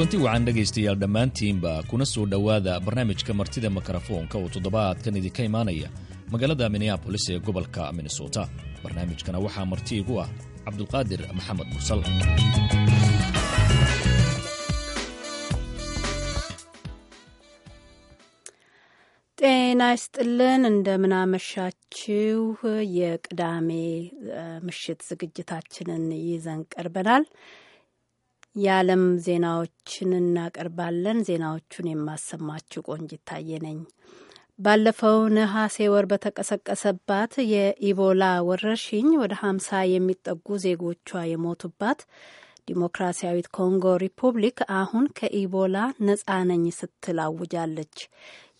kulanti wacan dhegaystayaal dhammaantiinba kuna soo dhowaada barnaamijka martida mikrofoonka oo toddobaadkan idinka imaanaya magaalada minneabolis ee gobolka minnesota barnaamijkana waxaa marti igu ah cabdulqaadir maxamed mursal ጤና ይስጥልን እንደምናመሻችው የቅዳሜ ምሽት ዝግጅታችንን ይዘን ቀርበናል። የዓለም ዜናዎችን እናቀርባለን። ዜናዎቹን የማሰማችሁ ቆንጂት ታየ ነኝ። ባለፈው ነሐሴ ወር በተቀሰቀሰባት የኢቦላ ወረርሽኝ ወደ ሀምሳ የሚጠጉ ዜጎቿ የሞቱባት ዲሞክራሲያዊት ኮንጎ ሪፑብሊክ አሁን ከኢቦላ ነጻ ነኝ ስትል አውጃለች።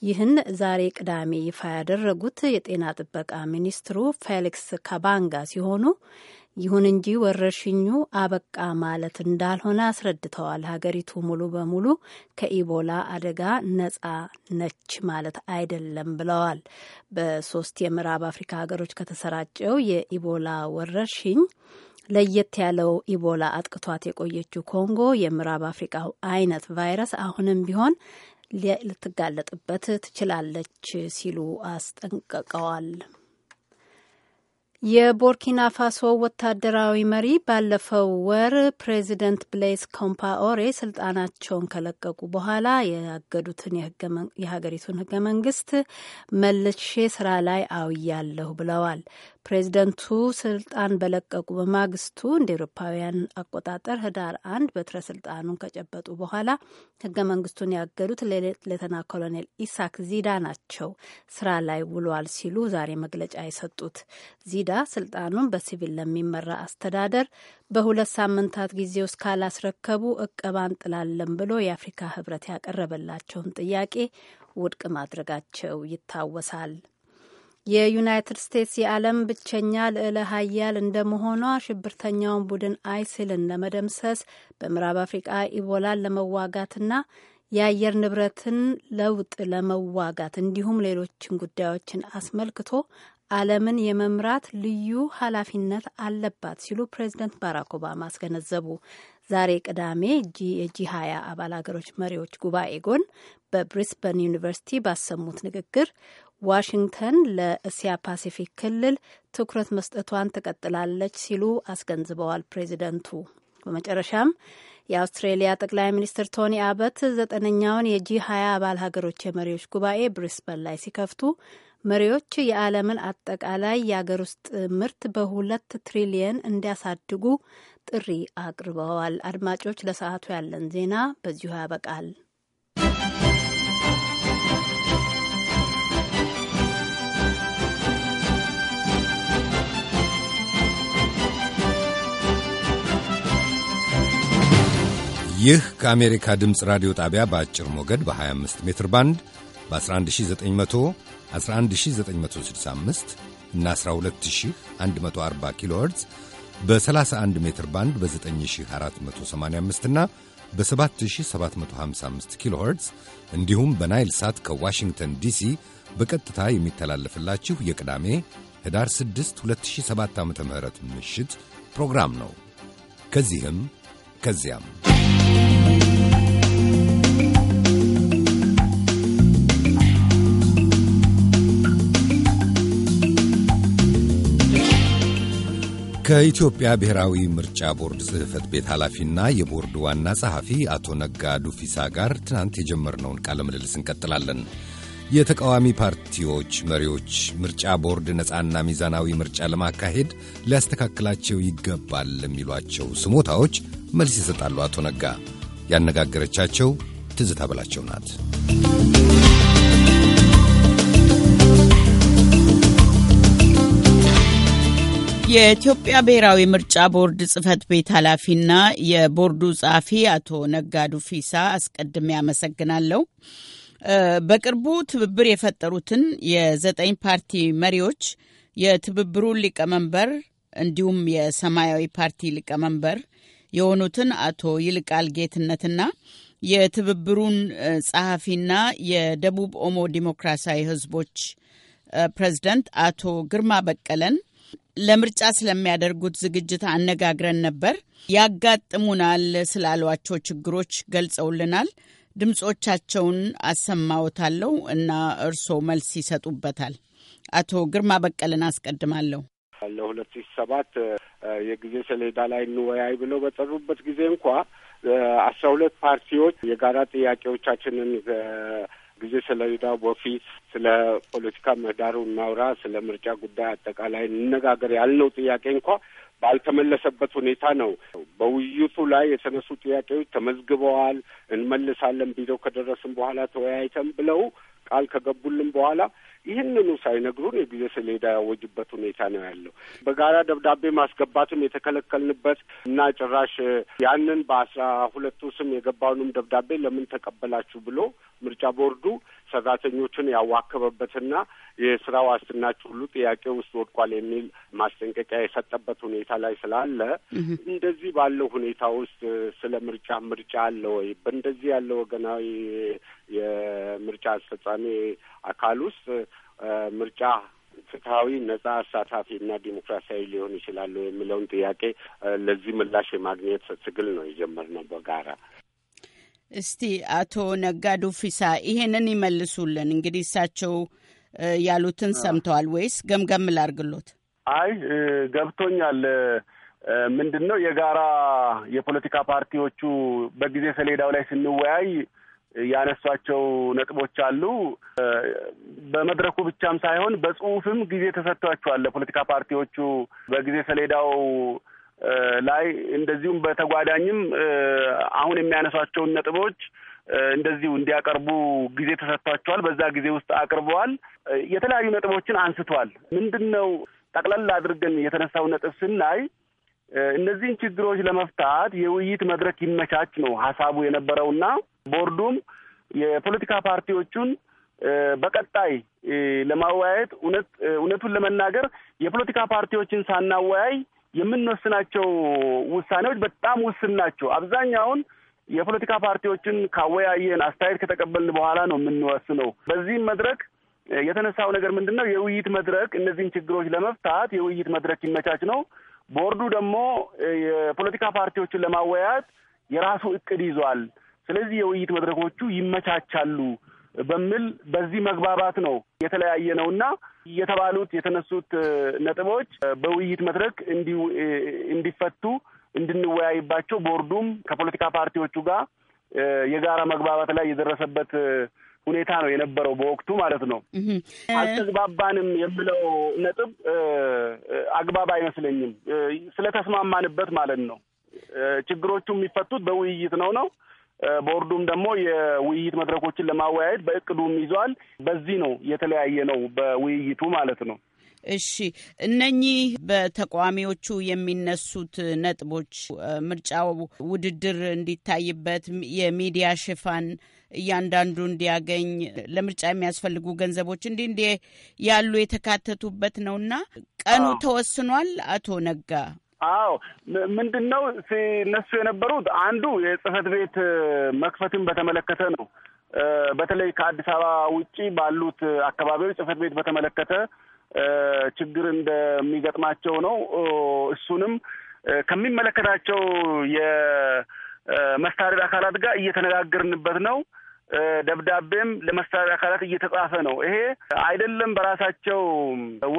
ይህን ዛሬ ቅዳሜ ይፋ ያደረጉት የጤና ጥበቃ ሚኒስትሩ ፌሊክስ ካባንጋ ሲሆኑ ይሁን እንጂ ወረርሽኙ አበቃ ማለት እንዳልሆነ አስረድተዋል። ሀገሪቱ ሙሉ በሙሉ ከኢቦላ አደጋ ነጻ ነች ማለት አይደለም ብለዋል። በሶስት የምዕራብ አፍሪካ ሀገሮች ከተሰራጨው የኢቦላ ወረርሽኝ ለየት ያለው ኢቦላ አጥቅቷት የቆየችው ኮንጎ የምዕራብ አፍሪካው አይነት ቫይረስ አሁንም ቢሆን ልትጋለጥበት ትችላለች ሲሉ አስጠንቅቀዋል። የቦርኪና ፋሶ ወታደራዊ መሪ ባለፈው ወር ፕሬዚደንት ብሌዝ ኮምፓኦሬ ስልጣናቸውን ከለቀቁ በኋላ ያገዱትን የሀገሪቱን ህገ መንግስት መልሼ ስራ ላይ አውያለሁ ብለዋል። ፕሬዚደንቱ ስልጣን በለቀቁ በማግስቱ እንደ ኤሮፓውያን አቆጣጠር ህዳር አንድ በትረ ስልጣኑን ከጨበጡ በኋላ ህገ መንግስቱን ያገዱት ሌተና ኮሎኔል ኢሳክ ዚዳ ናቸው። ስራ ላይ ውሏል ሲሉ ዛሬ መግለጫ የሰጡት ዚዳ ስልጣኑን በሲቪል ለሚመራ አስተዳደር በሁለት ሳምንታት ጊዜ ውስጥ ካላስረከቡ እቀባ እንጥላለን ብሎ የአፍሪካ ህብረት ያቀረበላቸውን ጥያቄ ውድቅ ማድረጋቸው ይታወሳል። የዩናይትድ ስቴትስ የዓለም ብቸኛ ልዕለ ሀያል እንደመሆኗ ሽብርተኛውን ቡድን አይሲልን ለመደምሰስ በምዕራብ አፍሪቃ ኢቦላን ለመዋጋትና የአየር ንብረትን ለውጥ ለመዋጋት እንዲሁም ሌሎችን ጉዳዮችን አስመልክቶ ዓለምን የመምራት ልዩ ኃላፊነት አለባት ሲሉ ፕሬዚደንት ባራክ ኦባማ አስገነዘቡ። ዛሬ ቅዳሜ የጂ 20 አባል አገሮች መሪዎች ጉባኤ ጎን በብሪስበን ዩኒቨርሲቲ ባሰሙት ንግግር ዋሽንግተን ለእስያ ፓሲፊክ ክልል ትኩረት መስጠቷን ትቀጥላለች ሲሉ አስገንዝበዋል ፕሬዚደንቱ። በመጨረሻም የአውስትሬሊያ ጠቅላይ ሚኒስትር ቶኒ አበት ዘጠነኛውን የጂ ሀያ አባል ሀገሮች የመሪዎች ጉባኤ ብሪስበን ላይ ሲከፍቱ መሪዎች የዓለምን አጠቃላይ የአገር ውስጥ ምርት በሁለት ትሪሊየን እንዲያሳድጉ ጥሪ አቅርበዋል። አድማጮች፣ ለሰዓቱ ያለን ዜና በዚሁ ያበቃል። ይህ ከአሜሪካ ድምፅ ራዲዮ ጣቢያ በአጭር ሞገድ በ25 ሜትር ባንድ በ 11911965 እና 12140 ኪሎ ኸርትዝ በ31 ሜትር ባንድ በ9485 እና በ7755 ኪሎ ኸርትዝ እንዲሁም በናይል ሳት ከዋሽንግተን ዲሲ በቀጥታ የሚተላለፍላችሁ የቅዳሜ ህዳር 6 2007 ም ምሽት ፕሮግራም ነው። ከዚህም ከዚያም ከኢትዮጵያ ብሔራዊ ምርጫ ቦርድ ጽሕፈት ቤት ኃላፊና የቦርድ ዋና ጸሐፊ አቶ ነጋ ዱፊሳ ጋር ትናንት የጀመርነውን ቃለ ምልልስ እንቀጥላለን። የተቃዋሚ ፓርቲዎች መሪዎች ምርጫ ቦርድ ነፃና ሚዛናዊ ምርጫ ለማካሄድ ሊያስተካክላቸው ይገባል የሚሏቸው ስሞታዎች መልስ ይሰጣሉ አቶ ነጋ። ያነጋገረቻቸው ትዝታ በላቸው ናት። የኢትዮጵያ ብሔራዊ ምርጫ ቦርድ ጽህፈት ቤት ኃላፊና የቦርዱ ጸሐፊ አቶ ነጋዱ ፊሳ አስቀድሜ አመሰግናለሁ። በቅርቡ ትብብር የፈጠሩትን የዘጠኝ ፓርቲ መሪዎች የትብብሩን ሊቀመንበር እንዲሁም የሰማያዊ ፓርቲ ሊቀመንበር የሆኑትን አቶ ይልቃል ጌትነትና የትብብሩን ጸሐፊና የደቡብ ኦሞ ዲሞክራሲያዊ ህዝቦች ፕሬዝደንት አቶ ግርማ በቀለን ለምርጫ ስለሚያደርጉት ዝግጅት አነጋግረን ነበር። ያጋጥሙናል ስላሏቸው ችግሮች ገልጸውልናል። ድምጾቻቸውን አሰማውታለው እና እርስዎ መልስ ይሰጡበታል። አቶ ግርማ በቀልን አስቀድማለሁ። ለሁለት ሺ ሰባት የጊዜ ሰሌዳ ላይ እንወያይ ብለው በጠሩበት ጊዜ እንኳ አስራ ሁለት ፓርቲዎች የጋራ ጥያቄዎቻችንን ጊዜ ሰሌዳው በፊት ስለ ፖለቲካ ምህዳሩ እናውራ፣ ስለ ምርጫ ጉዳይ አጠቃላይ እንነጋገር ያልነው ጥያቄ እንኳ ባልተመለሰበት ሁኔታ ነው። በውይይቱ ላይ የተነሱ ጥያቄዎች ተመዝግበዋል፣ እንመልሳለን ቢሮ ከደረስን በኋላ ተወያይተን ብለው ቃል ከገቡልን በኋላ ይህንኑ ሳይነግሩን የጊዜ ሰሌዳ ያወጅበት ሁኔታ ነው ያለው። በጋራ ደብዳቤ ማስገባትም የተከለከልንበት እና ጭራሽ ያንን በአስራ ሁለቱ ስም የገባውንም ደብዳቤ ለምን ተቀበላችሁ ብሎ ምርጫ ቦርዱ ሰራተኞቹን ያዋከበበትና የስራ ዋስትናችሁ ሁሉ ጥያቄ ውስጥ ወድቋል የሚል ማስጠንቀቂያ የሰጠበት ሁኔታ ላይ ስላለ እንደዚህ ባለው ሁኔታ ውስጥ ስለ ምርጫ ምርጫ አለ ወይ በእንደዚህ ያለ ወገናዊ የምርጫ አስፈጻሚ አካል ውስጥ ምርጫ ፍትሐዊ፣ ነጻ፣ አሳታፊና ዲሞክራሲያዊ ሊሆን ይችላሉ የሚለውን ጥያቄ ለዚህ ምላሽ የማግኘት ትግል ነው የጀመርነው በጋራ። እስቲ አቶ ነጋዱ ፊሳ ይሄንን ይመልሱልን። እንግዲህ እሳቸው ያሉትን ሰምተዋል ወይስ ገምገም ላርግሎት? አይ ገብቶኛል። ምንድን ነው የጋራ የፖለቲካ ፓርቲዎቹ በጊዜ ሰሌዳው ላይ ስንወያይ ያነሷቸው ነጥቦች አሉ። በመድረኩ ብቻም ሳይሆን በጽሁፍም ጊዜ ተሰጥቷቸዋል ለፖለቲካ ፓርቲዎቹ በጊዜ ሰሌዳው ላይ እንደዚሁም በተጓዳኝም አሁን የሚያነሷቸውን ነጥቦች እንደዚሁ እንዲያቀርቡ ጊዜ ተሰጥቷቸዋል። በዛ ጊዜ ውስጥ አቅርበዋል። የተለያዩ ነጥቦችን አንስቷል። ምንድን ነው ጠቅለል አድርገን የተነሳው ነጥብ ስናይ እነዚህን ችግሮች ለመፍታት የውይይት መድረክ ይመቻች ነው ሀሳቡ የነበረውና ቦርዱም የፖለቲካ ፓርቲዎቹን በቀጣይ ለማወያየት እውነቱን ለመናገር የፖለቲካ ፓርቲዎችን ሳናወያይ የምንወስናቸው ውሳኔዎች በጣም ውስን ናቸው። አብዛኛውን የፖለቲካ ፓርቲዎችን ካወያየን አስተያየት ከተቀበልን በኋላ ነው የምንወስነው። በዚህም መድረክ የተነሳው ነገር ምንድን ነው? የውይይት መድረክ እነዚህን ችግሮች ለመፍታት የውይይት መድረክ ይመቻች ነው። ቦርዱ ደግሞ የፖለቲካ ፓርቲዎችን ለማወያየት የራሱ እቅድ ይዟል። ስለዚህ የውይይት መድረኮቹ ይመቻቻሉ በሚል በዚህ መግባባት ነው የተለያየ ነው እና የተባሉት የተነሱት ነጥቦች በውይይት መድረክ እንዲፈቱ እንድንወያይባቸው ቦርዱም ከፖለቲካ ፓርቲዎቹ ጋር የጋራ መግባባት ላይ የደረሰበት ሁኔታ ነው የነበረው በወቅቱ ማለት ነው። አልተግባባንም የምለው ነጥብ አግባብ አይመስለኝም። ስለተስማማንበት ማለት ነው። ችግሮቹ የሚፈቱት በውይይት ነው ነው ቦርዱም ደግሞ የውይይት መድረኮችን ለማወያየት በእቅዱም ይዟል። በዚህ ነው የተለያየ ነው በውይይቱ ማለት ነው። እሺ እነኚህ በተቃዋሚዎቹ የሚነሱት ነጥቦች ምርጫው ውድድር እንዲታይበት፣ የሚዲያ ሽፋን እያንዳንዱ እንዲያገኝ፣ ለምርጫ የሚያስፈልጉ ገንዘቦች እንዲህ እንዲህ ያሉ የተካተቱበት ነውና ቀኑ ተወስኗል። አቶ ነጋ አዎ ምንድን ነው ሲነሱ የነበሩት አንዱ የጽህፈት ቤት መክፈትን በተመለከተ ነው። በተለይ ከአዲስ አበባ ውጪ ባሉት አካባቢዎች ጽህፈት ቤት በተመለከተ ችግር እንደሚገጥማቸው ነው። እሱንም ከሚመለከታቸው የመስተዳድር አካላት ጋር እየተነጋገርንበት ነው። ደብዳቤም ለመስተዳድር አካላት እየተጻፈ ነው። ይሄ አይደለም በራሳቸው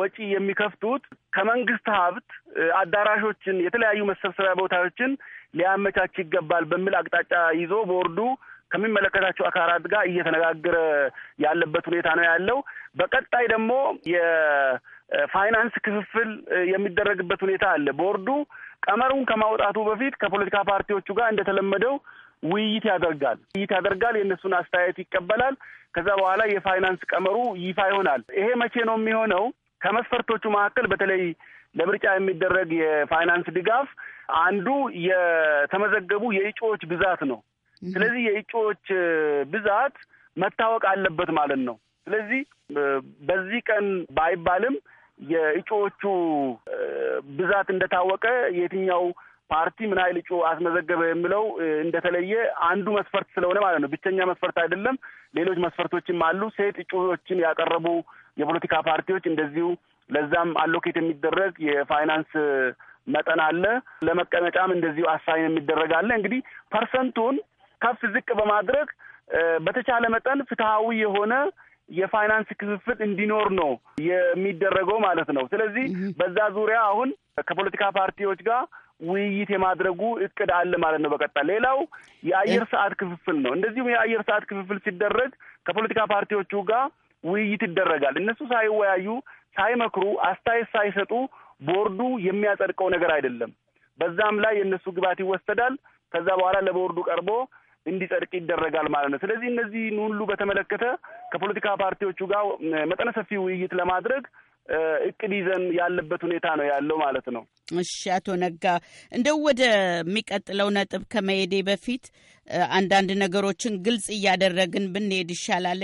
ወጪ የሚከፍቱት ከመንግስት ሀብት አዳራሾችን፣ የተለያዩ መሰብሰቢያ ቦታዎችን ሊያመቻች ይገባል በሚል አቅጣጫ ይዞ ቦርዱ ከሚመለከታቸው አካላት ጋር እየተነጋገረ ያለበት ሁኔታ ነው ያለው። በቀጣይ ደግሞ የፋይናንስ ክፍፍል የሚደረግበት ሁኔታ አለ። ቦርዱ ቀመሩን ከማውጣቱ በፊት ከፖለቲካ ፓርቲዎቹ ጋር እንደተለመደው ውይይት ያደርጋል ውይይት ያደርጋል የእነሱን አስተያየት ይቀበላል። ከዛ በኋላ የፋይናንስ ቀመሩ ይፋ ይሆናል። ይሄ መቼ ነው የሚሆነው? ከመስፈርቶቹ መካከል በተለይ ለምርጫ የሚደረግ የፋይናንስ ድጋፍ አንዱ የተመዘገቡ የእጩዎች ብዛት ነው። ስለዚህ የእጩዎች ብዛት መታወቅ አለበት ማለት ነው። ስለዚህ በዚህ ቀን ባይባልም የእጩዎቹ ብዛት እንደታወቀ የትኛው ፓርቲ ምን ያህል እጩ አስመዘገበ የሚለው እንደተለየ አንዱ መስፈርት ስለሆነ ማለት ነው። ብቸኛ መስፈርት አይደለም። ሌሎች መስፈርቶችም አሉ። ሴት እጩዎችን ያቀረቡ የፖለቲካ ፓርቲዎች እንደዚሁ ለዛም አሎኬት የሚደረግ የፋይናንስ መጠን አለ። ለመቀመጫም እንደዚሁ አሳይን የሚደረግ አለ። እንግዲህ ፐርሰንቱን ከፍ ዝቅ በማድረግ በተቻለ መጠን ፍትሐዊ የሆነ የፋይናንስ ክፍፍል እንዲኖር ነው የሚደረገው ማለት ነው። ስለዚህ በዛ ዙሪያ አሁን ከፖለቲካ ፓርቲዎች ጋር ውይይት የማድረጉ እቅድ አለ ማለት ነው። በቀጣይ ሌላው የአየር ሰዓት ክፍፍል ነው። እንደዚሁም የአየር ሰዓት ክፍፍል ሲደረግ ከፖለቲካ ፓርቲዎቹ ጋር ውይይት ይደረጋል። እነሱ ሳይወያዩ፣ ሳይመክሩ፣ አስተያየት ሳይሰጡ ቦርዱ የሚያጸድቀው ነገር አይደለም። በዛም ላይ የእነሱ ግባት ይወሰዳል። ከዛ በኋላ ለቦርዱ ቀርቦ እንዲጸድቅ ይደረጋል ማለት ነው። ስለዚህ እነዚህን ሁሉ በተመለከተ ከፖለቲካ ፓርቲዎቹ ጋር መጠነ ሰፊ ውይይት ለማድረግ እቅድ ይዘን ያለበት ሁኔታ ነው ያለው ማለት ነው። እሺ አቶ ነጋ፣ እንደው ወደሚቀጥለው ነጥብ ከመሄዴ በፊት አንዳንድ ነገሮችን ግልጽ እያደረግን ብንሄድ ይሻላል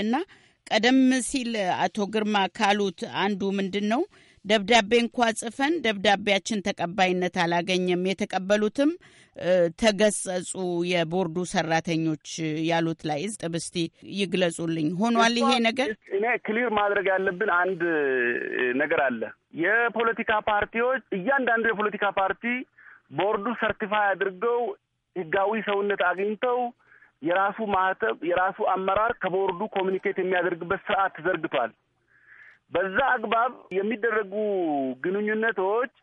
ቀደም ሲል አቶ ግርማ ካሉት አንዱ ምንድን ነው ደብዳቤ እንኳ ጽፈን ደብዳቤያችን ተቀባይነት አላገኘም፣ የተቀበሉትም ተገጸጹ፣ የቦርዱ ሰራተኞች ያሉት ላይ ጥብ እስቲ ይግለጹልኝ። ሆኗል ይሄ ነገር? እኔ ክሊር ማድረግ ያለብን አንድ ነገር አለ። የፖለቲካ ፓርቲዎች እያንዳንዱ የፖለቲካ ፓርቲ ቦርዱ ሰርቲፋይ አድርገው ህጋዊ ሰውነት አግኝተው የራሱ ማህተብ የራሱ አመራር ከቦርዱ ኮሚኒኬት የሚያደርግበት ስርዓት ተዘርግቷል። በዛ አግባብ የሚደረጉ ግንኙነቶች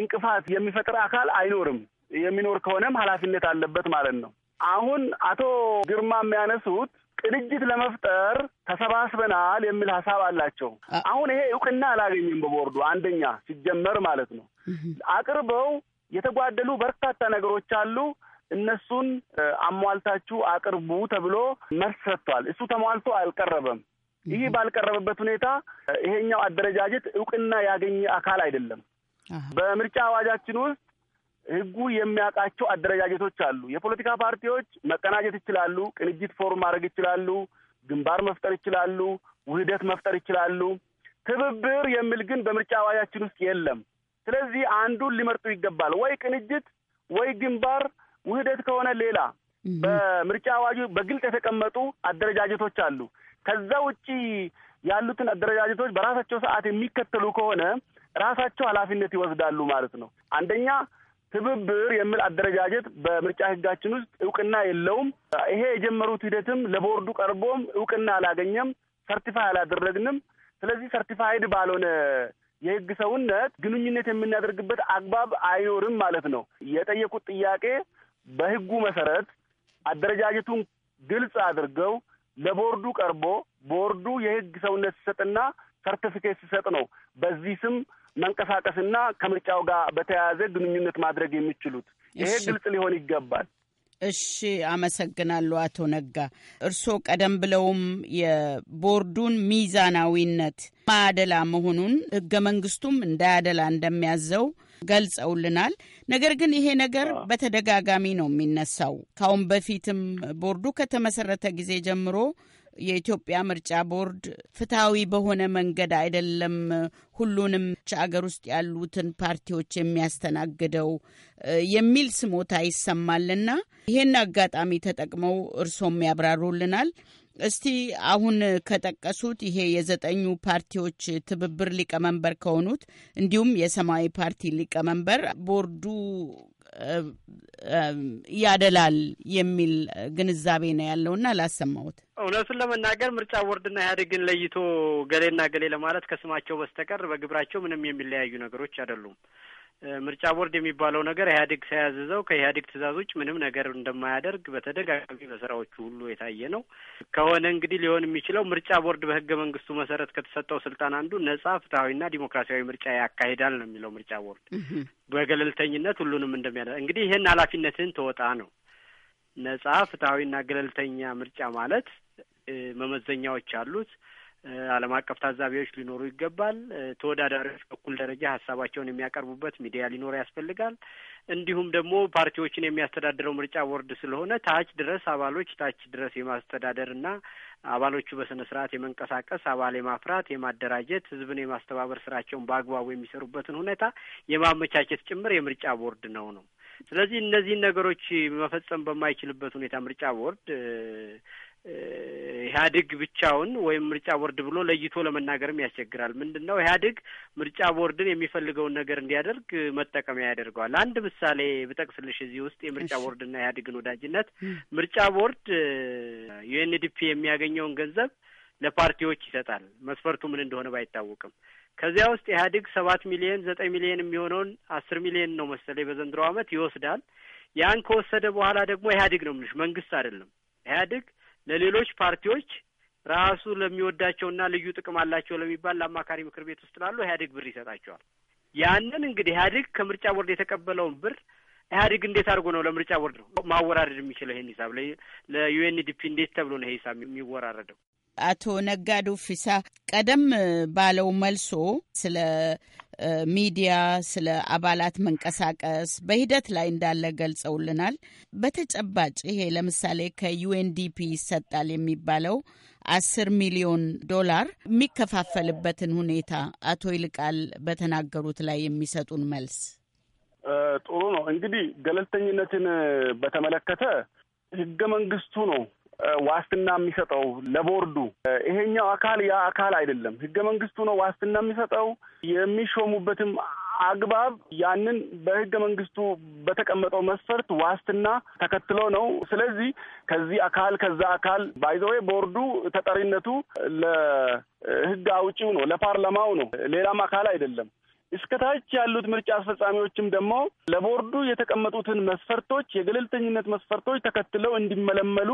እንቅፋት የሚፈጥር አካል አይኖርም። የሚኖር ከሆነም ኃላፊነት አለበት ማለት ነው። አሁን አቶ ግርማ የሚያነሱት ቅንጅት ለመፍጠር ተሰባስበናል የሚል ሀሳብ አላቸው። አሁን ይሄ እውቅና አላገኘም በቦርዱ አንደኛ ሲጀመር ማለት ነው። አቅርበው የተጓደሉ በርካታ ነገሮች አሉ። እነሱን አሟልታችሁ አቅርቡ ተብሎ መልስ ሰጥቷል። እሱ ተሟልቶ አልቀረበም። ይህ ባልቀረበበት ሁኔታ ይሄኛው አደረጃጀት እውቅና ያገኘ አካል አይደለም። በምርጫ አዋጃችን ውስጥ ህጉ የሚያውቃቸው አደረጃጀቶች አሉ። የፖለቲካ ፓርቲዎች መቀናጀት ይችላሉ፣ ቅንጅት ፎርም ማድረግ ይችላሉ፣ ግንባር መፍጠር ይችላሉ፣ ውህደት መፍጠር ይችላሉ። ትብብር የሚል ግን በምርጫ አዋጃችን ውስጥ የለም። ስለዚህ አንዱን ሊመርጡ ይገባል። ወይ ቅንጅት፣ ወይ ግንባር፣ ውህደት ከሆነ ሌላ። በምርጫ አዋጁ በግልጽ የተቀመጡ አደረጃጀቶች አሉ። ከዛ ውጪ ያሉትን አደረጃጀቶች በራሳቸው ሰዓት የሚከተሉ ከሆነ ራሳቸው ኃላፊነት ይወስዳሉ ማለት ነው። አንደኛ ትብብር የሚል አደረጃጀት በምርጫ ሕጋችን ውስጥ እውቅና የለውም። ይሄ የጀመሩት ሂደትም ለቦርዱ ቀርቦም እውቅና አላገኘም፣ ሰርቲፋይ አላደረግንም። ስለዚህ ሰርቲፋይድ ባልሆነ የህግ ሰውነት ግንኙነት የምናደርግበት አግባብ አይኖርም ማለት ነው። የጠየቁት ጥያቄ በህጉ መሰረት አደረጃጀቱን ግልጽ አድርገው ለቦርዱ ቀርቦ ቦርዱ የህግ ሰውነት ሲሰጥና ሰርቲፊኬት ሲሰጥ ነው በዚህ ስም መንቀሳቀስና ከምርጫው ጋር በተያያዘ ግንኙነት ማድረግ የሚችሉት። ይሄ ግልጽ ሊሆን ይገባል። እሺ፣ አመሰግናለሁ አቶ ነጋ። እርስዎ ቀደም ብለውም የቦርዱን ሚዛናዊነት ማያደላ መሆኑን ህገ መንግስቱም እንዳያደላ እንደሚያዘው ገልጸውልናል። ነገር ግን ይሄ ነገር በተደጋጋሚ ነው የሚነሳው። ካሁን በፊትም ቦርዱ ከተመሰረተ ጊዜ ጀምሮ የኢትዮጵያ ምርጫ ቦርድ ፍትሐዊ በሆነ መንገድ አይደለም ሁሉንም አገር ውስጥ ያሉትን ፓርቲዎች የሚያስተናግደው የሚል ስሞታ ይሰማልና ይህን አጋጣሚ ተጠቅመው እርሶም ያብራሩልናል። እስቲ አሁን ከጠቀሱት ይሄ የዘጠኙ ፓርቲዎች ትብብር ሊቀመንበር ከሆኑት እንዲሁም የሰማያዊ ፓርቲ ሊቀመንበር ቦርዱ ያደላል የሚል ግንዛቤ ነው ያለው እና ላሰማሁት። እውነቱን ለመናገር ምርጫ ቦርድና ኢህአዴግን ለይቶ ገሌና ገሌ ለማለት ከስማቸው በስተቀር በግብራቸው ምንም የሚለያዩ ነገሮች አይደሉም። ምርጫ ቦርድ የሚባለው ነገር ኢህአዴግ ሳያዝዘው ከኢህአዴግ ትእዛዝ ውጭ ምንም ነገር እንደማያደርግ በተደጋጋሚ በስራዎቹ ሁሉ የታየ ነው። ከሆነ እንግዲህ ሊሆን የሚችለው ምርጫ ቦርድ በህገ መንግስቱ መሰረት ከተሰጠው ስልጣን አንዱ ነጻ ፍትሐዊና ዲሞክራሲያዊ ምርጫ ያካሂዳል ነው የሚለው ምርጫ ቦርድ በገለልተኝነት ሁሉንም እንደሚያደርግ እንግዲህ ይህን ኃላፊነትህን ተወጣ ነው። ነጻ ፍትሐዊና ገለልተኛ ምርጫ ማለት መመዘኛዎች አሉት። ዓለም አቀፍ ታዛቢዎች ሊኖሩ ይገባል። ተወዳዳሪዎች በኩል ደረጃ ሀሳባቸውን የሚያቀርቡበት ሚዲያ ሊኖር ያስፈልጋል። እንዲሁም ደግሞ ፓርቲዎችን የሚያስተዳድረው ምርጫ ቦርድ ስለሆነ ታች ድረስ አባሎች ታች ድረስ የማስተዳደር እና አባሎቹ በስነ ስርዓት የመንቀሳቀስ አባል የማፍራት የማደራጀት፣ ህዝብን የማስተባበር ስራቸውን በአግባቡ የሚሰሩበትን ሁኔታ የማመቻቸት ጭምር የምርጫ ቦርድ ነው ነው ስለዚህ እነዚህን ነገሮች መፈጸም በማይችልበት ሁኔታ ምርጫ ቦርድ ኢህአዴግ ብቻውን ወይም ምርጫ ቦርድ ብሎ ለይቶ ለመናገርም ያስቸግራል። ምንድን ነው ኢህአዴግ ምርጫ ቦርድን የሚፈልገውን ነገር እንዲያደርግ መጠቀሚያ ያደርገዋል። አንድ ምሳሌ ብጠቅስልሽ እዚህ ውስጥ የምርጫ ቦርድና ኢህአዴግን ወዳጅነት ምርጫ ቦርድ ዩኤንዲፒ የሚያገኘውን ገንዘብ ለፓርቲዎች ይሰጣል። መስፈርቱ ምን እንደሆነ ባይታወቅም ከዚያ ውስጥ ኢህአዴግ ሰባት ሚሊየን ዘጠኝ ሚሊየን የሚሆነውን አስር ሚሊየን ነው መሰለኝ በዘንድሮ ዓመት ይወስዳል። ያን ከወሰደ በኋላ ደግሞ ኢህአዴግ ነው የምልሽ መንግስት አይደለም ኢህአዴግ ለሌሎች ፓርቲዎች ራሱ ለሚወዳቸውና ልዩ ጥቅም አላቸው ለሚባል ለአማካሪ ምክር ቤት ውስጥ ላሉ ኢህአዴግ ብር ይሰጣቸዋል። ያንን እንግዲህ ኢህአዴግ ከምርጫ ቦርድ የተቀበለውን ብር ኢህአዴግ እንዴት አድርጎ ነው ለምርጫ ቦርድ ነው ማወራረድ የሚችለው? ይሄን ሂሳብ ለዩኤንዲፒ እንዴት ተብሎ ነው ይሄ ሂሳብ የሚወራረደው? አቶ ነጋዶ ፊሳ ቀደም ባለው መልሶ ስለ ሚዲያ፣ ስለ አባላት መንቀሳቀስ በሂደት ላይ እንዳለ ገልጸውልናል። በተጨባጭ ይሄ ለምሳሌ ከዩኤንዲፒ ይሰጣል የሚባለው አስር ሚሊዮን ዶላር የሚከፋፈልበትን ሁኔታ አቶ ይልቃል በተናገሩት ላይ የሚሰጡን መልስ ጥሩ ነው። እንግዲህ ገለልተኝነትን በተመለከተ ህገ መንግስቱ ነው ዋስትና የሚሰጠው ለቦርዱ ይሄኛው አካል ያ አካል አይደለም። ህገ መንግስቱ ነው ዋስትና የሚሰጠው የሚሾሙበትም አግባብ ያንን በህገ መንግስቱ በተቀመጠው መስፈርት ዋስትና ተከትሎ ነው። ስለዚህ ከዚህ አካል ከዛ አካል ባይዘዌ ቦርዱ ተጠሪነቱ ለህግ አውጪው ነው፣ ለፓርላማው ነው፣ ሌላም አካል አይደለም። እስከታች ያሉት ምርጫ አስፈጻሚዎችም ደግሞ ለቦርዱ የተቀመጡትን መስፈርቶች የገለልተኝነት መስፈርቶች ተከትለው እንዲመለመሉ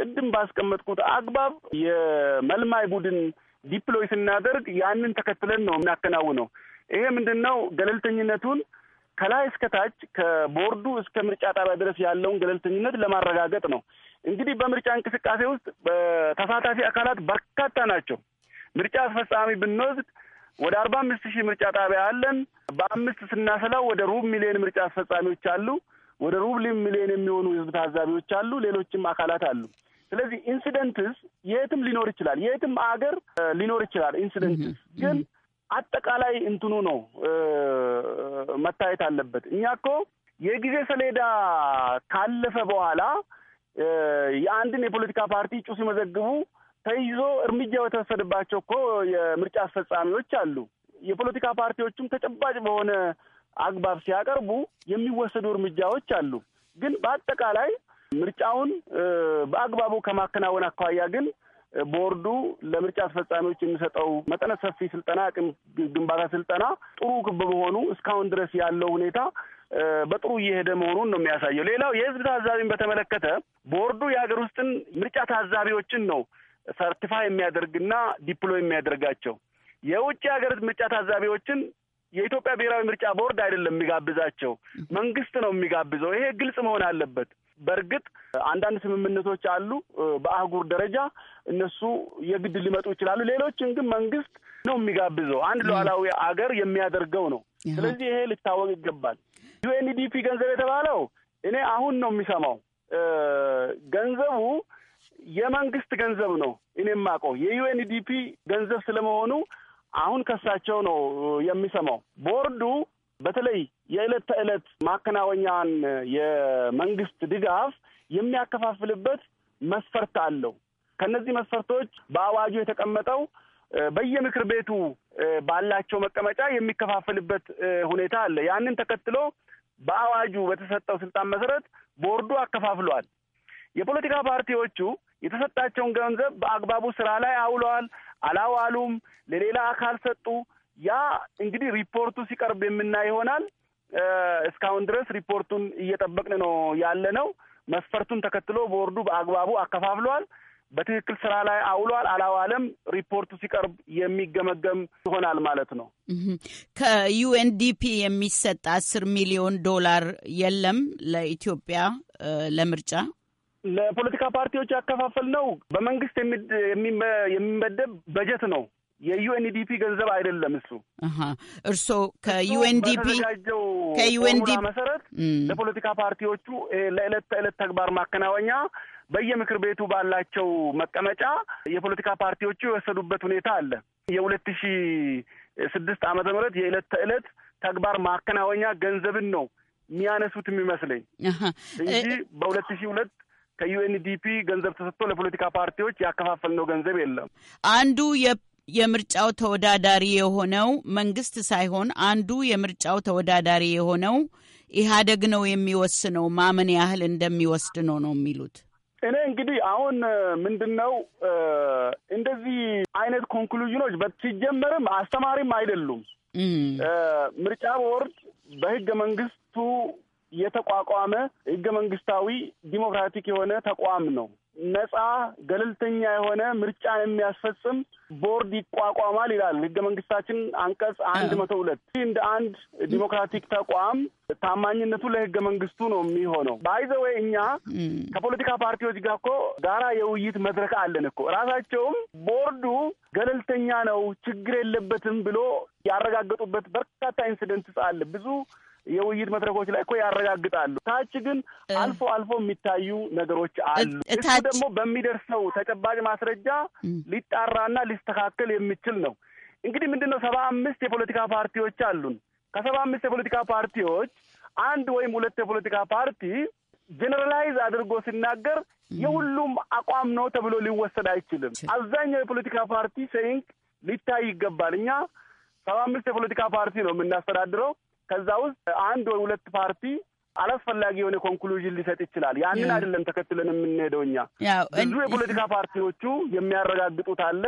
ቅድም ባስቀመጥኩት አግባብ የመልማይ ቡድን ዲፕሎይ ስናደርግ ያንን ተከትለን ነው የምናከናውነው። ይሄ ምንድን ነው? ገለልተኝነቱን ከላይ እስከ ታች ከቦርዱ እስከ ምርጫ ጣቢያ ድረስ ያለውን ገለልተኝነት ለማረጋገጥ ነው። እንግዲህ በምርጫ እንቅስቃሴ ውስጥ ተሳታፊ አካላት በርካታ ናቸው። ምርጫ አስፈጻሚ ብንወስድ ወደ አርባ አምስት ሺህ ምርጫ ጣቢያ አለን። በአምስት ስናሰላው ወደ ሩብ ሚሊዮን ምርጫ አስፈጻሚዎች አሉ። ወደ ሩብል ሚሊዮን የሚሆኑ ህዝብ ታዛቢዎች አሉ፣ ሌሎችም አካላት አሉ። ስለዚህ ኢንሲደንትስ የትም ሊኖር ይችላል፣ የትም አገር ሊኖር ይችላል። ኢንሲደንትስ ግን አጠቃላይ እንትኑ ነው መታየት አለበት። እኛ እኮ የጊዜ ሰሌዳ ካለፈ በኋላ የአንድን የፖለቲካ ፓርቲ እጩ ሲመዘግቡ ተይዞ እርምጃ የተወሰደባቸው እኮ የምርጫ አስፈጻሚዎች አሉ። የፖለቲካ ፓርቲዎቹም ተጨባጭ በሆነ አግባብ ሲያቀርቡ የሚወሰዱ እርምጃዎች አሉ። ግን በአጠቃላይ ምርጫውን በአግባቡ ከማከናወን አኳያ ግን ቦርዱ ለምርጫ አስፈጻሚዎች የሚሰጠው መጠነ ሰፊ ስልጠና፣ አቅም ግንባታ ስልጠና ጥሩ በመሆኑ እስካሁን ድረስ ያለው ሁኔታ በጥሩ እየሄደ መሆኑን ነው የሚያሳየው። ሌላው የህዝብ ታዛቢን በተመለከተ ቦርዱ የሀገር ውስጥን ምርጫ ታዛቢዎችን ነው ሰርቲፋይ የሚያደርግና ዲፕሎይ የሚያደርጋቸው። የውጭ ሀገር ምርጫ ታዛቢዎችን የኢትዮጵያ ብሔራዊ ምርጫ ቦርድ አይደለም የሚጋብዛቸው፣ መንግስት ነው የሚጋብዘው። ይሄ ግልጽ መሆን አለበት። በእርግጥ አንዳንድ ስምምነቶች አሉ በአህጉር ደረጃ እነሱ የግድ ሊመጡ ይችላሉ። ሌሎችን ግን መንግስት ነው የሚጋብዘው፣ አንድ ሉዓላዊ አገር የሚያደርገው ነው። ስለዚህ ይሄ ሊታወቅ ይገባል። ዩኤንዲፒ ገንዘብ የተባለው እኔ አሁን ነው የሚሰማው። ገንዘቡ የመንግስት ገንዘብ ነው። እኔ አውቀው የዩኤንዲፒ ገንዘብ ስለመሆኑ አሁን ከሳቸው ነው የሚሰማው። ቦርዱ በተለይ የዕለት ተዕለት ማከናወኛን የመንግስት ድጋፍ የሚያከፋፍልበት መስፈርት አለው። ከነዚህ መስፈርቶች በአዋጁ የተቀመጠው በየምክር ቤቱ ባላቸው መቀመጫ የሚከፋፈልበት ሁኔታ አለ። ያንን ተከትሎ በአዋጁ በተሰጠው ስልጣን መሰረት ቦርዱ አከፋፍሏል። የፖለቲካ ፓርቲዎቹ የተሰጣቸውን ገንዘብ በአግባቡ ስራ ላይ አውለዋል፣ አላዋሉም፣ ለሌላ አካል ሰጡ። ያ እንግዲህ ሪፖርቱ ሲቀርብ የምናይ ይሆናል። እስካሁን ድረስ ሪፖርቱን እየጠበቅን ነው ያለ ነው። መስፈርቱን ተከትሎ ቦርዱ በአግባቡ አከፋፍሏል፣ በትክክል ስራ ላይ አውሏል አላዋለም፣ ሪፖርቱ ሲቀርብ የሚገመገም ይሆናል ማለት ነው። ከዩኤንዲፒ የሚሰጥ አስር ሚሊዮን ዶላር የለም ለኢትዮጵያ ለምርጫ ለፖለቲካ ፓርቲዎች ያከፋፈል ነው በመንግስት የሚመደብ በጀት ነው። የዩኤንዲፒ ገንዘብ አይደለም። እሱ እርስዎ ከዩኤንዲፒ ከዩኤንዲፒ መሰረት ለፖለቲካ ፓርቲዎቹ ለዕለት ተዕለት ተግባር ማከናወኛ በየምክር ቤቱ ባላቸው መቀመጫ የፖለቲካ ፓርቲዎቹ የወሰዱበት ሁኔታ አለ። የሁለት ሺ ስድስት ዓመተ ምህረት የዕለት ተዕለት ተግባር ማከናወኛ ገንዘብን ነው የሚያነሱት የሚመስለኝ እንጂ በሁለት ሺ ሁለት ከዩኤንዲፒ ገንዘብ ተሰጥቶ ለፖለቲካ ፓርቲዎች ያከፋፈልነው ገንዘብ የለም። አንዱ የምርጫው ተወዳዳሪ የሆነው መንግስት ሳይሆን አንዱ የምርጫው ተወዳዳሪ የሆነው ኢህአደግ ነው የሚወስነው። ማመን ያህል እንደሚወስድ ነው ነው የሚሉት። እኔ እንግዲህ አሁን ምንድን ነው እንደዚህ አይነት ኮንክሉዥኖች ሲጀመርም አስተማሪም አይደሉም። ምርጫ ቦርድ በህገ መንግስቱ የተቋቋመ ህገ መንግስታዊ ዲሞክራቲክ የሆነ ተቋም ነው። ነጻ ገለልተኛ የሆነ ምርጫን የሚያስፈጽም ቦርድ ይቋቋማል ይላል ህገ መንግስታችን አንቀጽ አንድ መቶ ሁለት እንደ አንድ ዲሞክራቲክ ተቋም ታማኝነቱ ለህገ መንግስቱ ነው የሚሆነው። ባይዘወይ እኛ ከፖለቲካ ፓርቲዎች ጋር እኮ ጋራ የውይይት መድረክ አለን እኮ ራሳቸውም ቦርዱ ገለልተኛ ነው ችግር የለበትም ብሎ ያረጋገጡበት በርካታ ኢንስደንት አለ ብዙ የውይይት መድረኮች ላይ እኮ ያረጋግጣሉ። ታች ግን አልፎ አልፎ የሚታዩ ነገሮች አሉ። እሱ ደግሞ በሚደርሰው ተጨባጭ ማስረጃ ሊጣራና ሊስተካከል የሚችል ነው። እንግዲህ ምንድን ነው ሰባ አምስት የፖለቲካ ፓርቲዎች አሉን። ከሰባ አምስት የፖለቲካ ፓርቲዎች አንድ ወይም ሁለት የፖለቲካ ፓርቲ ጀነራላይዝ አድርጎ ሲናገር የሁሉም አቋም ነው ተብሎ ሊወሰድ አይችልም። አብዛኛው የፖለቲካ ፓርቲ ሰይንክ ሊታይ ይገባል። እኛ ሰባ አምስት የፖለቲካ ፓርቲ ነው የምናስተዳድረው። ከዛ ውስጥ አንድ ወይ ሁለት ፓርቲ አላስፈላጊ የሆነ ኮንክሉዥን ሊሰጥ ይችላል። ያንን አይደለም ተከትለን የምንሄደው እኛ ብዙ የፖለቲካ ፓርቲዎቹ የሚያረጋግጡት አለ።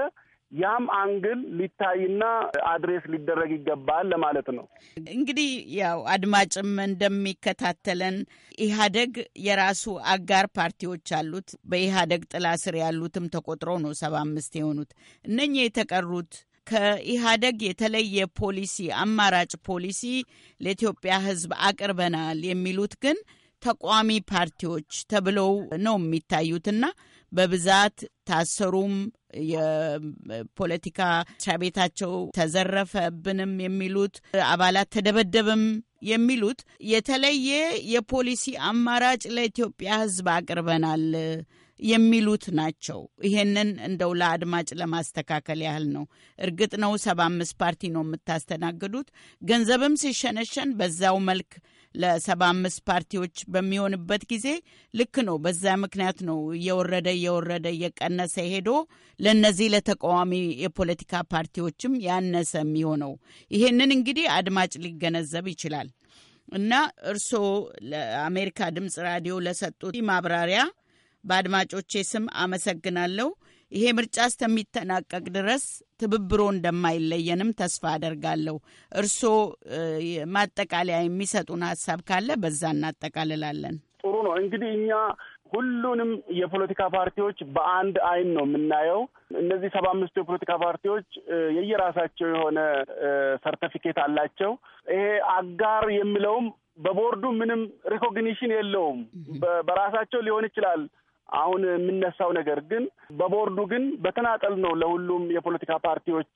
ያም አንግል ሊታይና አድሬስ ሊደረግ ይገባል ለማለት ነው። እንግዲህ ያው አድማጭም እንደሚከታተለን ኢህአደግ የራሱ አጋር ፓርቲዎች አሉት። በኢህአደግ ጥላ ስር ያሉትም ተቆጥሮ ነው ሰባ አምስት የሆኑት እነኚህ የተቀሩት ከኢህአደግ የተለየ ፖሊሲ አማራጭ ፖሊሲ ለኢትዮጵያ ሕዝብ አቅርበናል የሚሉት ግን ተቋሚ ፓርቲዎች ተብለው ነው የሚታዩትና በብዛት ታሰሩም፣ የፖለቲካ እስር ቤታቸው ተዘረፈብንም የሚሉት አባላት ተደበደብም የሚሉት የተለየ የፖሊሲ አማራጭ ለኢትዮጵያ ሕዝብ አቅርበናል የሚሉት ናቸው። ይሄንን እንደው ለአድማጭ ለማስተካከል ያህል ነው። እርግጥ ነው ሰባ አምስት ፓርቲ ነው የምታስተናግዱት። ገንዘብም ሲሸነሸን በዛው መልክ ለሰባ አምስት ፓርቲዎች በሚሆንበት ጊዜ ልክ ነው። በዛ ምክንያት ነው እየወረደ እየወረደ እየቀነሰ ሄዶ ለእነዚህ ለተቃዋሚ የፖለቲካ ፓርቲዎችም ያነሰ የሚሆነው። ይሄንን እንግዲህ አድማጭ ሊገነዘብ ይችላል እና እርስዎ ለአሜሪካ ድምፅ ራዲዮ ለሰጡት ማብራሪያ በአድማጮቼ ስም አመሰግናለሁ። ይሄ ምርጫ እስከሚጠናቀቅ ድረስ ትብብሮ እንደማይለየንም ተስፋ አደርጋለሁ። እርስዎ ማጠቃለያ የሚሰጡን ሀሳብ ካለ በዛ እናጠቃልላለን። ጥሩ ነው እንግዲህ እኛ ሁሉንም የፖለቲካ ፓርቲዎች በአንድ አይን ነው የምናየው። እነዚህ ሰባ አምስቱ የፖለቲካ ፓርቲዎች የየራሳቸው የሆነ ሰርተፊኬት አላቸው። ይሄ አጋር የሚለውም በቦርዱ ምንም ሪኮግኒሽን የለውም። በራሳቸው ሊሆን ይችላል አሁን የሚነሳው ነገር ግን በቦርዱ ግን በተናጠል ነው ለሁሉም የፖለቲካ ፓርቲዎች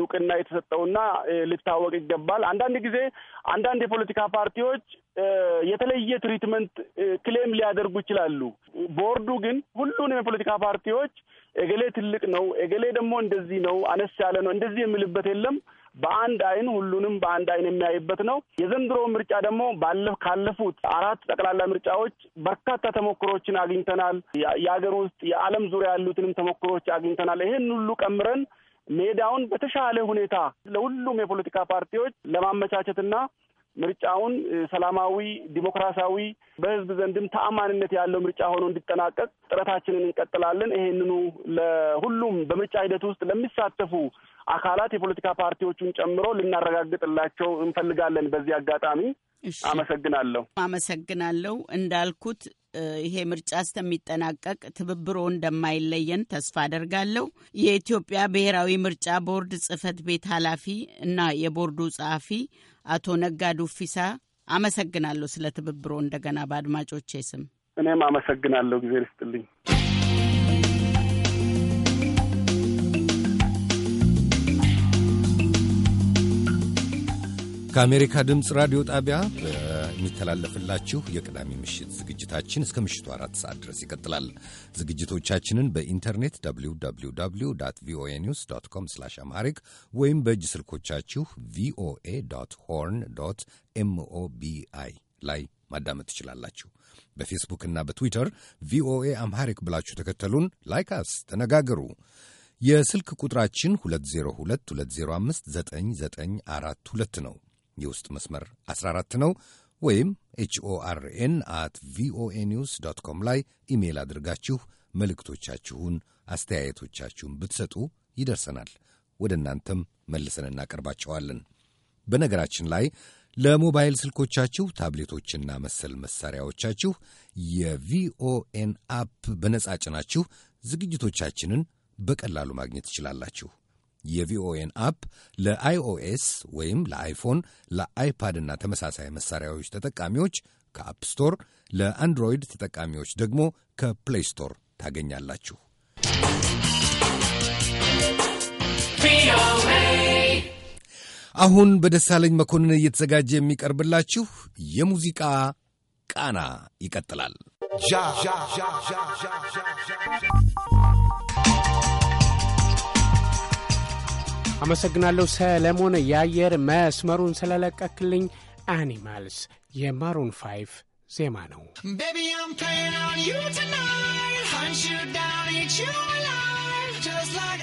እውቅና የተሰጠውና ልታወቅ ይገባል። አንዳንድ ጊዜ አንዳንድ የፖለቲካ ፓርቲዎች የተለየ ትሪትመንት ክሌም ሊያደርጉ ይችላሉ። ቦርዱ ግን ሁሉንም የፖለቲካ ፓርቲዎች እገሌ ትልቅ ነው፣ እገሌ ደግሞ እንደዚህ ነው፣ አነስ ያለ ነው፣ እንደዚህ የሚልበት የለም። በአንድ አይን ሁሉንም በአንድ አይን የሚያይበት ነው። የዘንድሮ ምርጫ ደግሞ ባለፍ ካለፉት አራት ጠቅላላ ምርጫዎች በርካታ ተሞክሮችን አግኝተናል። የሀገር ውስጥ የዓለም ዙሪያ ያሉትንም ተሞክሮች አግኝተናል። ይህን ሁሉ ቀምረን ሜዳውን በተሻለ ሁኔታ ለሁሉም የፖለቲካ ፓርቲዎች ለማመቻቸትና ምርጫውን ሰላማዊ፣ ዲሞክራሲያዊ በህዝብ ዘንድም ተአማንነት ያለው ምርጫ ሆኖ እንዲጠናቀቅ ጥረታችንን እንቀጥላለን። ይሄንኑ ለሁሉም በምርጫ ሂደት ውስጥ ለሚሳተፉ አካላት የፖለቲካ ፓርቲዎቹን ጨምሮ ልናረጋግጥላቸው እንፈልጋለን። በዚህ አጋጣሚ አመሰግናለሁ። አመሰግናለሁ እንዳልኩት ይሄ ምርጫ እስከሚጠናቀቅ ትብብሮ እንደማይለየን ተስፋ አደርጋለሁ። የኢትዮጵያ ብሔራዊ ምርጫ ቦርድ ጽህፈት ቤት ኃላፊ እና የቦርዱ ጸሐፊ አቶ ነጋዱ ፊሳ አመሰግናለሁ ስለ ትብብሮ እንደገና በአድማጮቼ ስም እኔም አመሰግናለሁ። ጊዜ ልስጥልኝ። ከአሜሪካ ድምፅ ራዲዮ ጣቢያ የሚተላለፍላችሁ የቅዳሜ ምሽት ዝግጅታችን እስከ ምሽቱ አራት ሰዓት ድረስ ይቀጥላል። ዝግጅቶቻችንን በኢንተርኔት www ቪኦኤ ኒውስ ዶት ኮም ስላሽ አምሃሪክ ወይም በእጅ ስልኮቻችሁ ቪኦኤ ሆርን ኤምኦቢአይ ላይ ማዳመጥ ትችላላችሁ። በፌስቡክና በትዊተር ቪኦኤ አምሃሪክ ብላችሁ ተከተሉን፣ ላይካስ፣ ተነጋገሩ። የስልክ ቁጥራችን 2022059942 ነው። የውስጥ መስመር 14 ነው ወይም ኤችኦአርኤን አት ቪኦኤ ኒውስ ዶት ኮም ላይ ኢሜይል አድርጋችሁ መልእክቶቻችሁን፣ አስተያየቶቻችሁን ብትሰጡ ይደርሰናል። ወደ እናንተም መልሰን እናቀርባቸዋለን። በነገራችን ላይ ለሞባይል ስልኮቻችሁ ታብሌቶችና መሰል መሳሪያዎቻችሁ የቪኦኤን አፕ በነጻ ጭናችሁ ዝግጅቶቻችንን በቀላሉ ማግኘት ትችላላችሁ። የቪኦኤን አፕ ለአይኦኤስ ወይም ለአይፎን፣ ለአይፓድ እና ተመሳሳይ መሳሪያዎች ተጠቃሚዎች ከአፕ ስቶር፣ ለአንድሮይድ ተጠቃሚዎች ደግሞ ከፕሌይ ስቶር ታገኛላችሁ። አሁን በደሳለኝ መኮንን እየተዘጋጀ የሚቀርብላችሁ የሙዚቃ ቃና ይቀጥላል። አመሰግናለሁ ሰለሞን የአየር መስመሩን ስለለቀክልኝ። አኒማልስ የማሩን ፋይፍ ዜማ ነው። Just like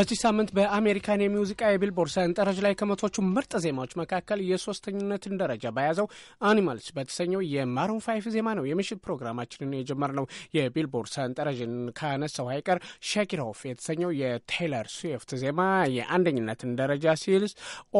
በዚህ ሳምንት በአሜሪካን የሚውዚቃ የቢልቦርድ ሰንጠረዥ ላይ ከመቶቹ ምርጥ ዜማዎች መካከል የሶስተኝነትን ደረጃ በያዘው አኒማልስ በተሰኘው የማሮን ፋይፍ ዜማ ነው የምሽት ፕሮግራማችንን የጀመርነው። የቢልቦርድ ሰንጠረዥን ካነሳው አይቀር ሸኪሮፍ የተሰኘው የቴይለር ስዊፍት ዜማ የአንደኝነትን ደረጃ ሲይዝ፣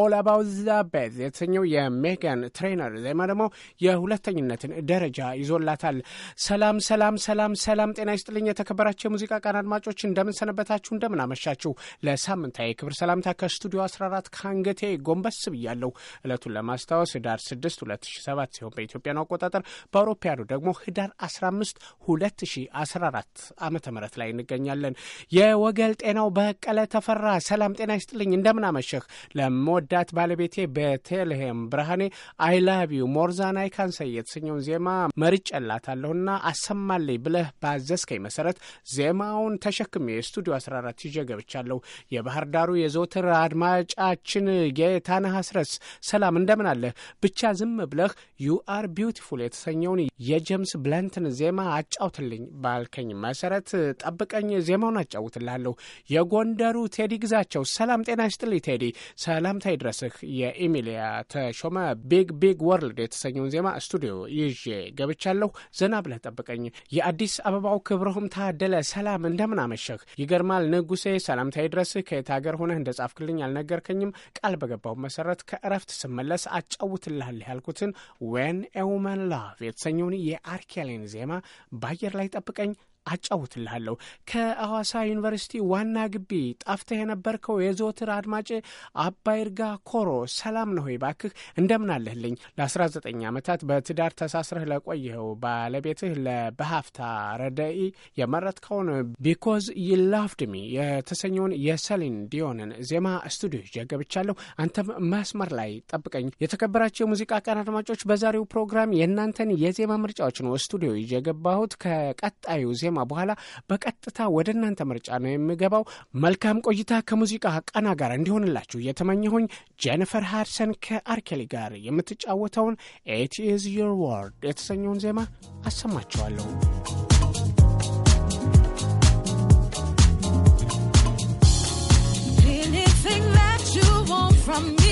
ኦል አባውት ቤዝ የተሰኘው የሜጋን ትሬነር ዜማ ደግሞ የሁለተኝነትን ደረጃ ይዞላታል። ሰላም ሰላም ሰላም ሰላም፣ ጤና ይስጥልኝ የተከበራቸው የሙዚቃ ቃና አድማጮች እንደምንሰነበታችሁ እንደምናመሻችሁ ለሳምንታዊ የክብር ሰላምታ ከስቱዲዮ 14 ከአንገቴ ጎንበስ ብያለሁ። እለቱን ለማስታወስ ህዳር 6 2007 ሲሆን በኢትዮጵያኑ አቆጣጠር በአውሮፓያኑ ደግሞ ህዳር 15 2014 ዓ ምህረት ላይ እንገኛለን። የወገል ጤናው በቀለ ተፈራ ሰላም ጤና ይስጥልኝ። እንደምን አመሸህ? ለመወዳት ባለቤቴ ቤተልሔም ብርሃኔ አይ ላቭ ዩ ሞር ዛን አይ ካን ሴይ የተሰኘውን ዜማ መርጬላታለሁና አሰማልኝ ብለህ ባዘዝከኝ መሰረት ዜማውን ተሸክሜ የስቱዲዮ 14 ይዤ ገብቻለሁ። የባህር ዳሩ የዘወትር አድማጫችን ጌታነህ አስረስ ሰላም፣ እንደምን አለህ? ብቻ ዝም ብለህ ዩ አር ቢውቲፉል የተሰኘውን የጀምስ ብለንትን ዜማ አጫውትልኝ ባልከኝ መሰረት ጠብቀኝ፣ ዜማውን አጫውትልሃለሁ። የጎንደሩ ቴዲ ግዛቸው ሰላም ጤና ይስጥልኝ። ቴዲ ሰላምታ ይድረስህ። የኢሚሊያ ተሾመ ቢግ ቢግ ወርልድ የተሰኘውን ዜማ ስቱዲዮ ይዤ ገብቻለሁ። ዘና ብለህ ጠብቀኝ። የአዲስ አበባው ክብረሁም ታደለ ሰላም እንደምን አመሸህ? ይገርማል ንጉሴ ሰላምታ ድረስ ከየት ሀገር ሆነህ እንደ ጻፍክልኝ አልነገርከኝም። ቃል በገባው መሰረት ከእረፍት ስመለስ አጫውትልሃል ያልኩትን ዌን ኤውመን ላቭ የተሰኘውን የአርኬሊን ዜማ በአየር ላይ ጠብቀኝ አጫውትልሃለሁ። ከአዋሳ ዩኒቨርሲቲ ዋና ግቢ ጠፍተህ የነበርከው የዘወትር አድማጭ አባይርጋ ኮሮ ሰላም ነው ባክህ፣ እንደምናለህልኝ ለ19 ዓመታት በትዳር ተሳስረህ ለቆየኸው ባለቤትህ ለበሀፍታ ረደኢ የመረጥከውን ቢኮዝ ይላፍድሚ የተሰኘውን የሰሊን ዲዮንን ዜማ ስቱዲዮ ይዤ ገብቻለሁ። አንተም መስመር ላይ ጠብቀኝ። የተከበራቸው የሙዚቃ ቀን አድማጮች፣ በዛሬው ፕሮግራም የእናንተን የዜማ ምርጫዎች ነው ስቱዲዮ ይዤ ከቀጣዩ ዜማ ከተሰማ በኋላ በቀጥታ ወደ እናንተ ምርጫ ነው የምገባው። መልካም ቆይታ ከሙዚቃ ቀና ጋር እንዲሆንላችሁ እየተመኘሁኝ ጄኒፈር ሃድሰን ከአርኬሊ ጋር የምትጫወተውን ኢት ኢዝ ዮር ወርልድ የተሰኘውን ዜማ አሰማችኋለሁ። from me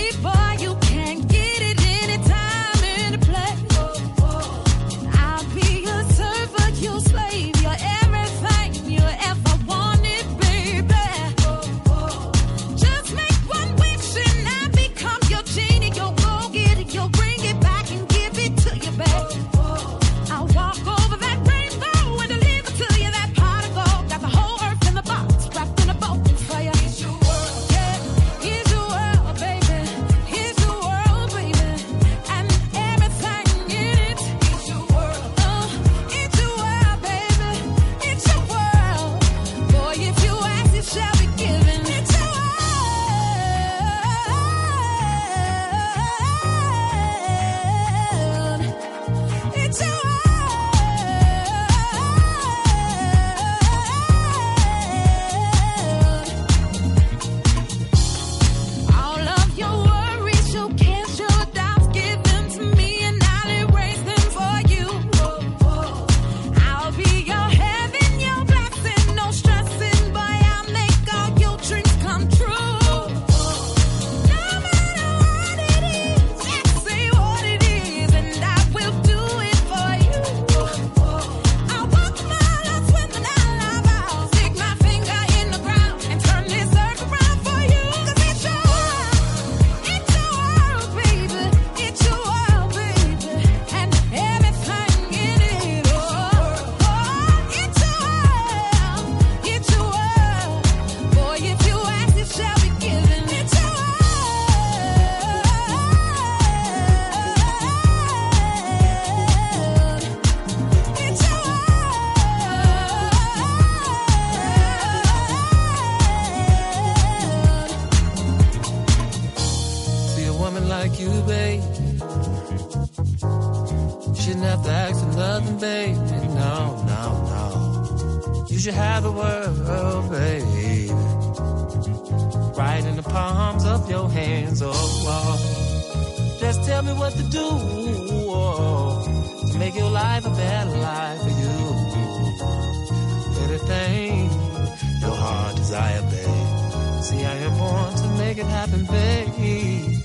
happen, baby.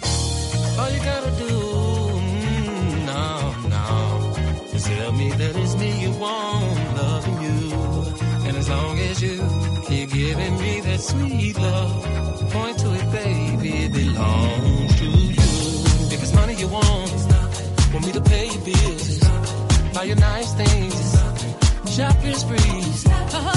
All you gotta do, mm, no, no, is tell me that it's me you want, loving you. And as long as you keep giving me that sweet love, point to it, baby, it belongs to you. If it's money you want, want me to pay your bills, buy your nice things, shop your sprees.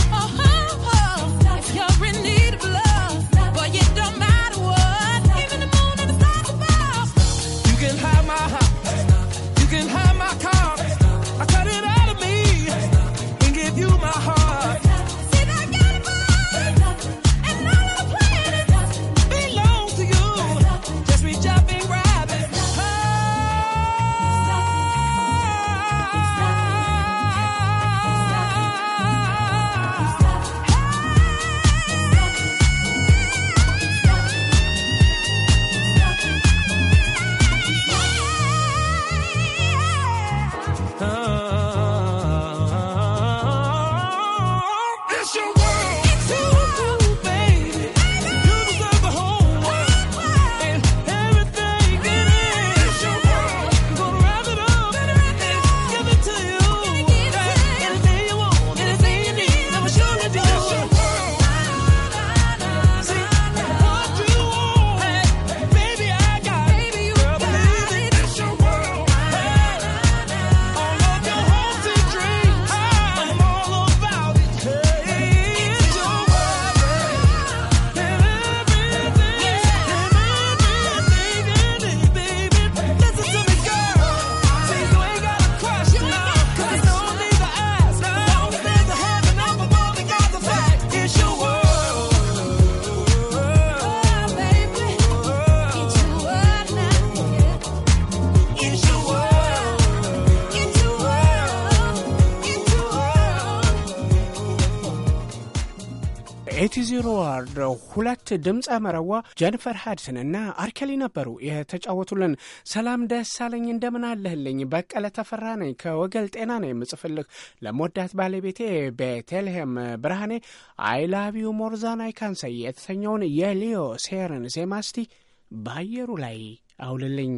ሁለት ድምፀ መረዋ ጀንፈር ሀድሰን እና አርኬሊ ነበሩ የተጫወቱልን። ሰላም ደሳለኝ እንደምን አለህልኝ? በቀለ ተፈራ ነኝ። ከወገል ጤና ነው የምጽፍልህ። ለሞዳት ባለቤቴ ቤተልሔም ብርሃኔ አይላቪዩ ሞርዛን አይካንሰይ የተሰኘውን የሊዮ ሴርን ዜማ እስቲ በአየሩ ላይ አውልልኝ።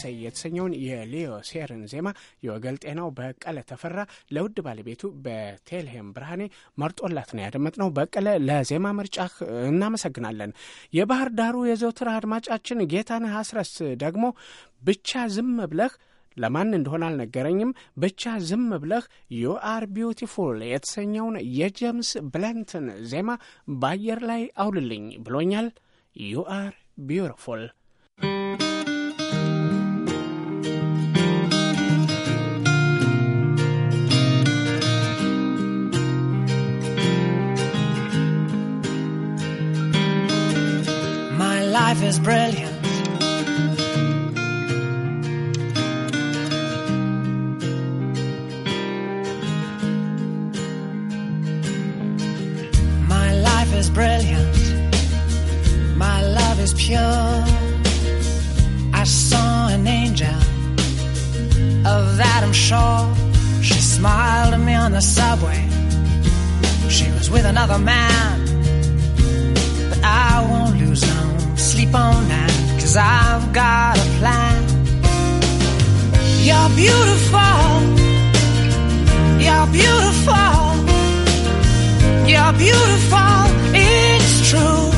ፈረንሳይ የተሰኘውን የሊዮ ሴርን ዜማ የወገል ጤናው በቀለ ተፈራ ለውድ ባለቤቱ በቴልሄም ብርሃኔ መርጦላት ነው ያደመጥነው። በቀለ ለዜማ ምርጫ እናመሰግናለን። የባህር ዳሩ የዘውትር አድማጫችን ጌታነህ አስረስ ደግሞ ብቻ ዝም ብለህ ለማን እንደሆነ አልነገረኝም። ብቻ ዝም ብለህ ዩ አር ቢዩቲፉል የተሰኘውን የጄምስ ብለንትን ዜማ በአየር ላይ አውልልኝ ብሎኛል። ዩ አር ቢዩቲፉል life is brilliant. My life is brilliant. My love is pure. I saw an angel. Of Adam Shaw. She smiled at me on the subway. She was with another man. keep on now, cause I've got a plan. You're beautiful, you're beautiful, you're beautiful, it's true.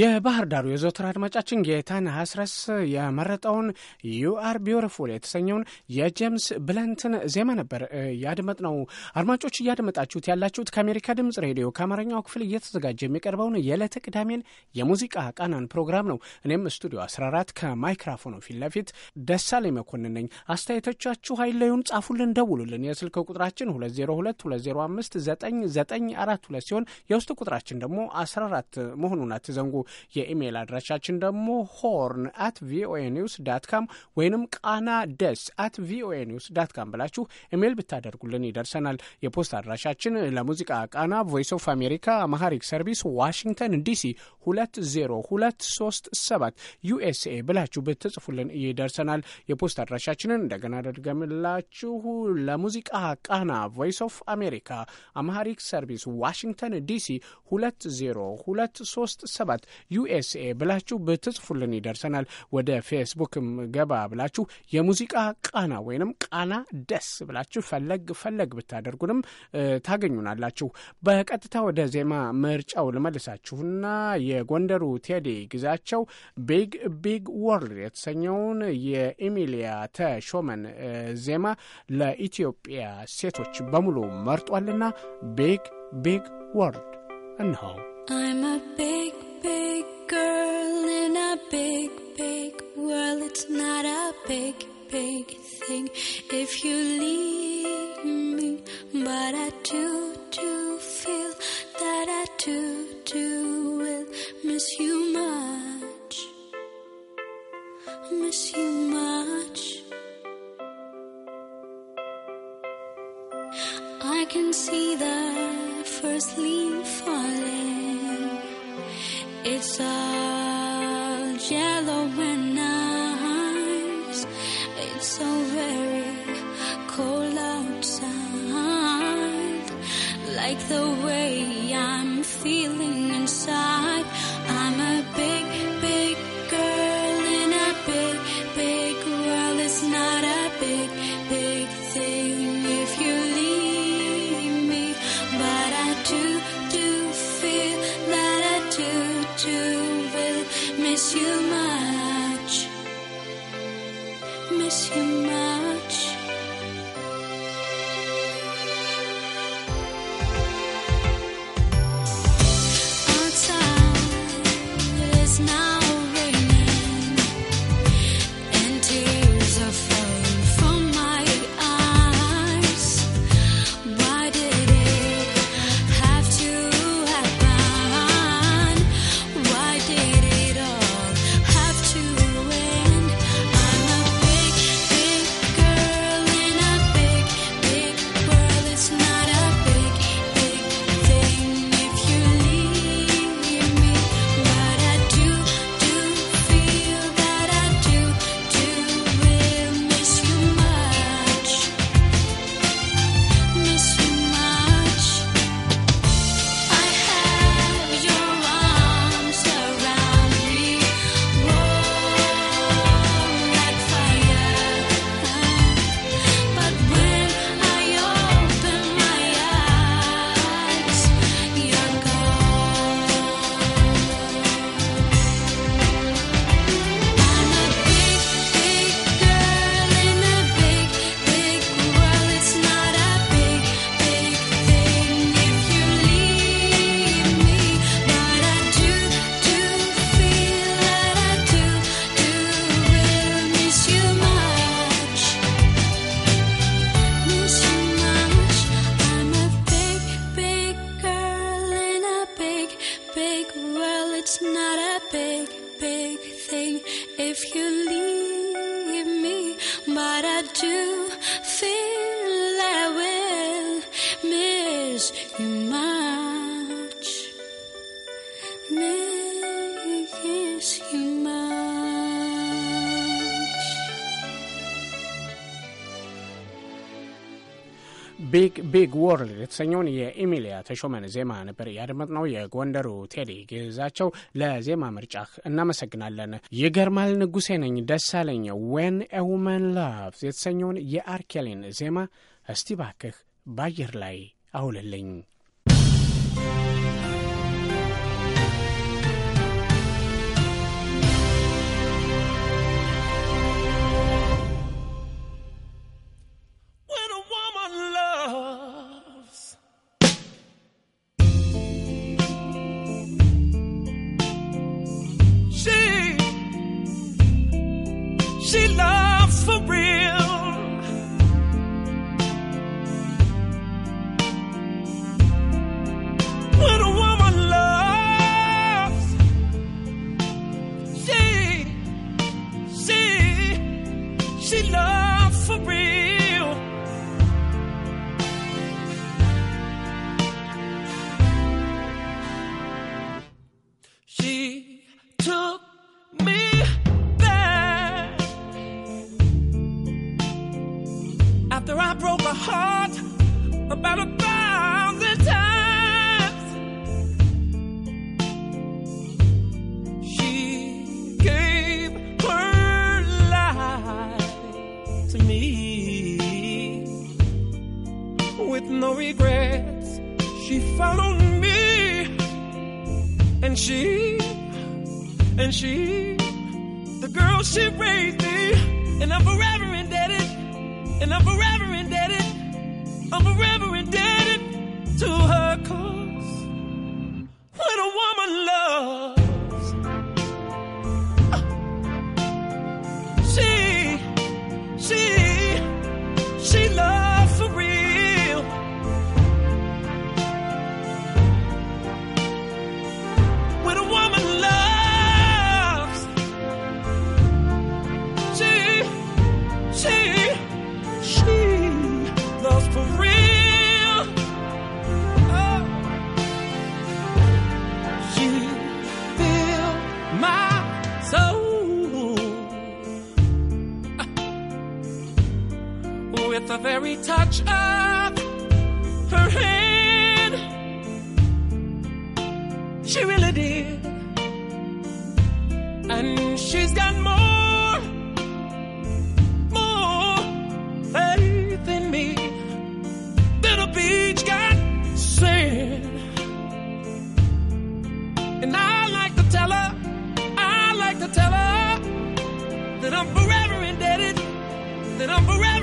Yeah, የባህር ዳሩ የዘወትር አድማጫችን ጌታን አስረስ የመረጠውን ዩ አር የተሰኘውን የጄምስ ብለንትን ዜማ ነበር ያድመጥ ነው። አድማጮች እያደመጣችሁት ያላችሁት ከአሜሪካ ድምጽ ሬዲዮ ከአማርኛው ክፍል እየተዘጋጀ የሚቀርበውን የዕለተ ቅዳሜን የሙዚቃ ቃናን ፕሮግራም ነው። እኔም ስቱዲዮ 14 ከማይክራፎኑ ፊት ለፊት ደሳለኝ መኮንን ነኝ። አስተያየቶቻችሁ ኃይለዩን ጻፉልን፣ ደውሉልን። የስልክ ቁጥራችን 2022059942 ሲሆን የውስጥ ቁጥራችን ደግሞ 14 መሆኑን አትዘንጉ። የኢሜይል አድራሻችን ደግሞ ሆርን አት ቪኦኤ ኒውስ ዳት ካም ወይንም ቃና ደስ አት ቪኦኤ ኒውስ ዳት ካም ብላችሁ ኢሜይል ብታደርጉልን ይደርሰናል። የፖስት አድራሻችን ለሙዚቃ ቃና ቮይስ ኦፍ አሜሪካ አማሃሪክ ሰርቪስ ዋሽንግተን ዲሲ 20237 ዩኤስኤ ብላችሁ ብትጽፉልን ይደርሰናል። የፖስት አድራሻችንን እንደገና ደድገምላችሁ ለሙዚቃ ቃና ቮይስ ኦፍ አሜሪካ አማሃሪክ ሰርቪስ ዋሽንግተን ዲሲ 20237 ዩኤስኤ ብላችሁ ብትጽፉልን ይደርሰናል። ወደ ፌስቡክም ገባ ብላችሁ የሙዚቃ ቃና ወይንም ቃና ደስ ብላችሁ ፈለግ ፈለግ ብታደርጉንም ታገኙናላችሁ። በቀጥታ ወደ ዜማ ምርጫው ልመልሳችሁና የጎንደሩ ቴዲ ግዛቸው ቢግ ቢግ ወርልድ የተሰኘውን የኢሚሊያ ተሾመን ዜማ ለኢትዮጵያ ሴቶች በሙሉ መርጧልና ቢግ ቢግ ወርልድ እንሆ ቢግ ወርልድ የተሰኘውን የኢሚሊያ ተሾመን ዜማ ነበር ያደመጥነው። የጎንደሩ ቴዲ ግዛቸው ለዜማ ምርጫ እናመሰግናለን። ይገርማል ንጉሴ ነኝ ደሳለኝ ዌን ኤ ውመን ላቭስ የተሰኘውን የአርኬሊን ዜማ እስቲ ባክህ ባየር ላይ አውልልኝ። She loves very touch of her hand. She really did. And she's got more, more faith in me than a beach got sand. And I like to tell her, I like to tell her that I'm forever indebted, that I'm forever.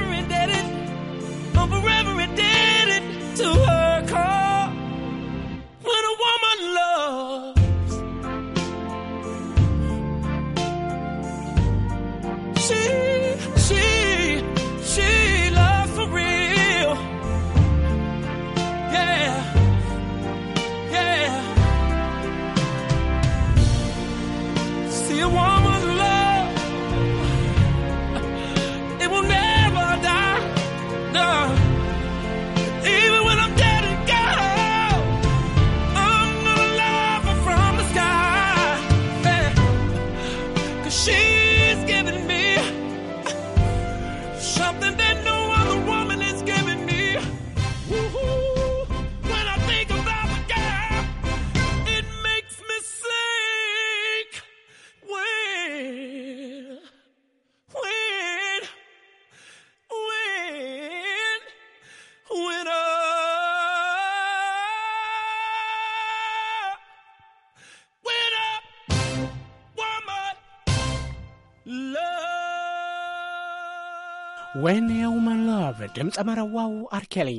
ወን የውመን ማን ድምፀ መረዋው አርኬሊ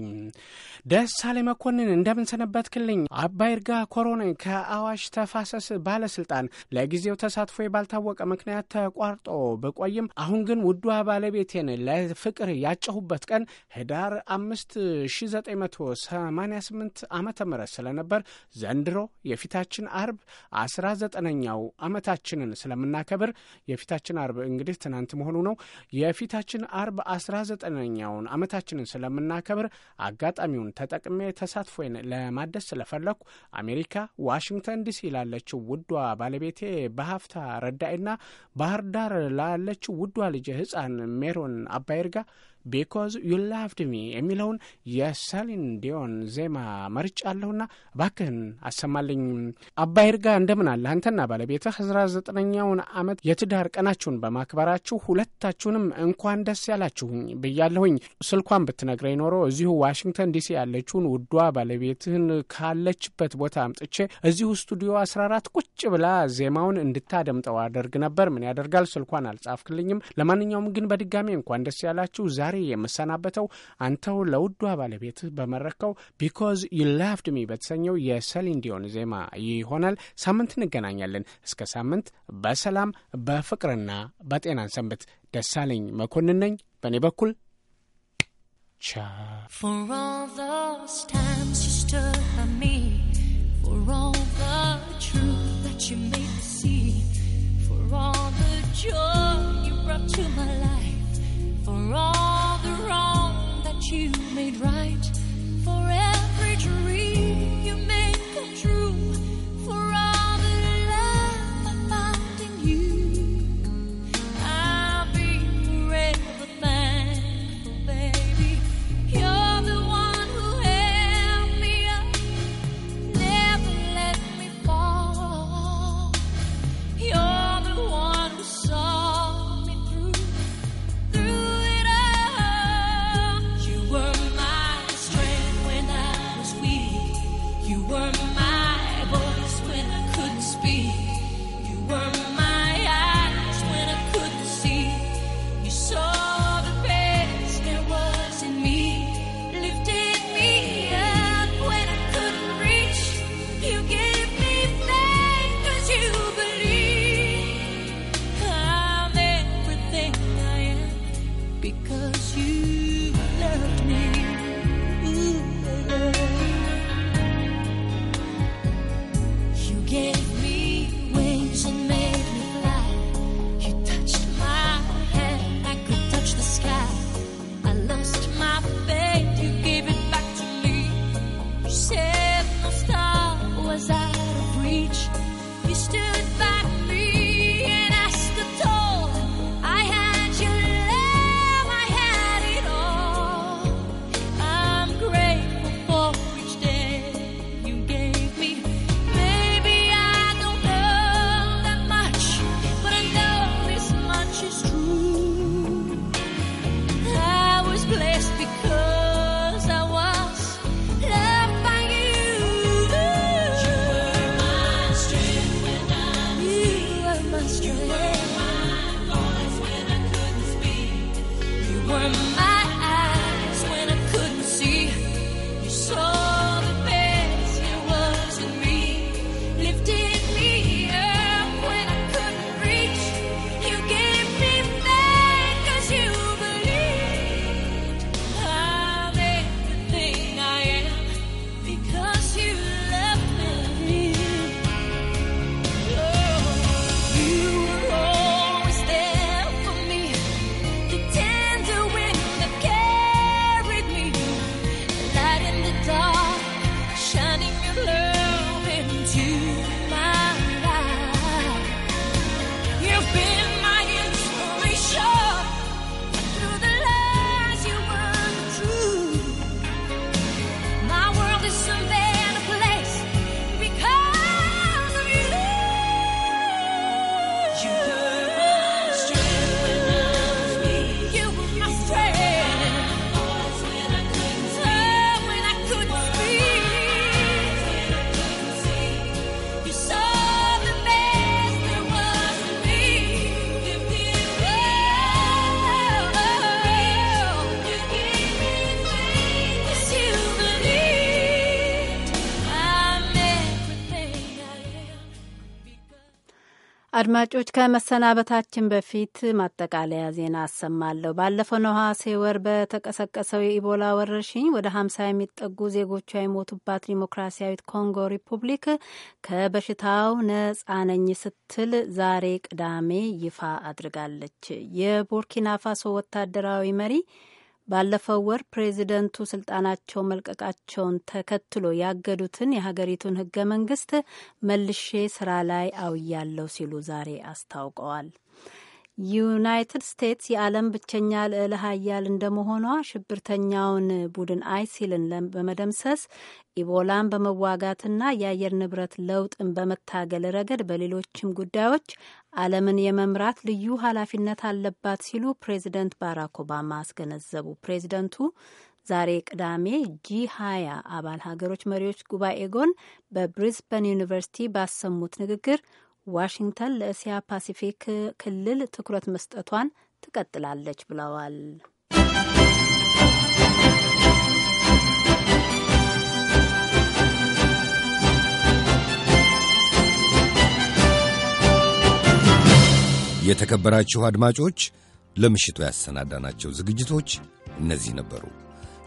ደሳሌ መኮንን እንደምንሰነበት ክልኝ አባይ እርጋ ኮሮን ከአዋሽ ተፋሰስ ባለስልጣን ለጊዜው ተሳትፎ ባልታወቀ ምክንያት ተቋርጦ ብቆይም አሁን ግን ውዷ ባለቤቴን ለፍቅር ያጨሁበት ቀን ህዳር አምስት ሺ ዘጠኝ መቶ ሰማኒያ ስምንት ዓመተ ምህረት ስለነበር ዘንድሮ የፊታችን አርብ አስራ ዘጠነኛው ዓመታችንን ስለምናከብር የፊታችን አርብ እንግዲህ ትናንት መሆኑ ነው። የፊታችን አርብ አስራ ዘጠነኛውን ዓመታችንን ስለምናከብር አጋጣሚውን ተጠቅሜ ተሳትፎዬን ለማደስ ስለፈለኩ አሜሪካ ዋሽንግተን ዲሲ ላለችው ውዷ ባለቤቴ በሀፍታ ረዳይና ባህር ዳር ላለችው ውዷ ልጅ ህፃን ሜሮን አባይርጋ ቢኮዝ ዩ ላቭድ ሚ የሚለውን የሰሊን ዲዮን ዜማ መርጫለሁና ባክህን አሰማልኝ። አባይ ርጋ እንደምን አለ አንተና ባለቤትህ አስራ ዘጠነኛውን ዓመት የትዳር ቀናችሁን በማክበራችሁ ሁለታችሁንም እንኳን ደስ ያላችሁኝ ብያለሁኝ። ስልኳን ብትነግረኝ ኖሮ እዚሁ ዋሽንግተን ዲሲ ያለችውን ውዷ ባለቤትህን ካለችበት ቦታ አምጥቼ እዚሁ ስቱዲዮ አስራ አራት ቁጭ ብላ ዜማውን እንድታደምጠው አደርግ ነበር። ምን ያደርጋል ስልኳን አልጻፍክልኝም። ለማንኛውም ግን በድጋሚ እንኳን ደስ ያላችሁ ዛሬ ዛሬ የምሰናበተው አንተው ለውዷ ባለቤት በመረከው ቢኮዝ ዩ ላቭድ ሚ በተሰኘው የሰሊን ዲዮን ዜማ ይሆናል። ሳምንት እንገናኛለን። እስከ ሳምንት በሰላም በፍቅርና በጤናን ሰንብት። ደሳለኝ መኮንን ነኝ በእኔ በኩል Child. for all the joy you brought to my life, for all. you made right for every dream. አድማጮች ከመሰናበታችን በፊት ማጠቃለያ ዜና አሰማለሁ። ባለፈው ነሐሴ ወር በተቀሰቀሰው የኢቦላ ወረርሽኝ ወደ ሀምሳ የሚጠጉ ዜጎቿ የሞቱባት ዲሞክራሲያዊት ኮንጎ ሪፑብሊክ ከበሽታው ነጻ ነኝ ስትል ዛሬ ቅዳሜ ይፋ አድርጋለች። የቡርኪና ፋሶ ወታደራዊ መሪ ባለፈው ወር ፕሬዚደንቱ ስልጣናቸው መልቀቃቸውን ተከትሎ ያገዱትን የሀገሪቱን ህገ መንግስት መልሼ ስራ ላይ አውያለሁ ሲሉ ዛሬ አስታውቀዋል። ዩናይትድ ስቴትስ የዓለም ብቸኛ ልዕለ ሀያል እንደመሆኗ ሽብርተኛውን ቡድን አይሲልን በመደምሰስ ኢቦላን በመዋጋትና የአየር ንብረት ለውጥን በመታገል ረገድ በሌሎችም ጉዳዮች ዓለምን የመምራት ልዩ ኃላፊነት አለባት ሲሉ ፕሬዚደንት ባራክ ኦባማ አስገነዘቡ። ፕሬዚደንቱ ዛሬ ቅዳሜ ጂ ሀያ አባል ሀገሮች መሪዎች ጉባኤ ጎን በብሪዝበን ዩኒቨርሲቲ ባሰሙት ንግግር ዋሽንግተን ለእስያ ፓሲፊክ ክልል ትኩረት መስጠቷን ትቀጥላለች ብለዋል። የተከበራችሁ አድማጮች ለምሽቱ ያሰናዳናቸው ዝግጅቶች እነዚህ ነበሩ።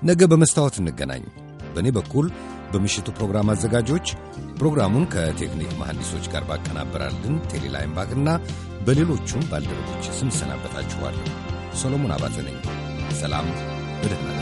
ነገ በመስታወት እንገናኝ። በእኔ በኩል በምሽቱ ፕሮግራም አዘጋጆች ፕሮግራሙን ከቴክኒክ መሐንዲሶች ጋር ባቀናበራልን ቴሌላይምባግና በሌሎቹም ባልደረቦች ስም ሰናበታችኋለሁ። ሰሎሞን አባተ ነኝ። ሰላም፣ በደህና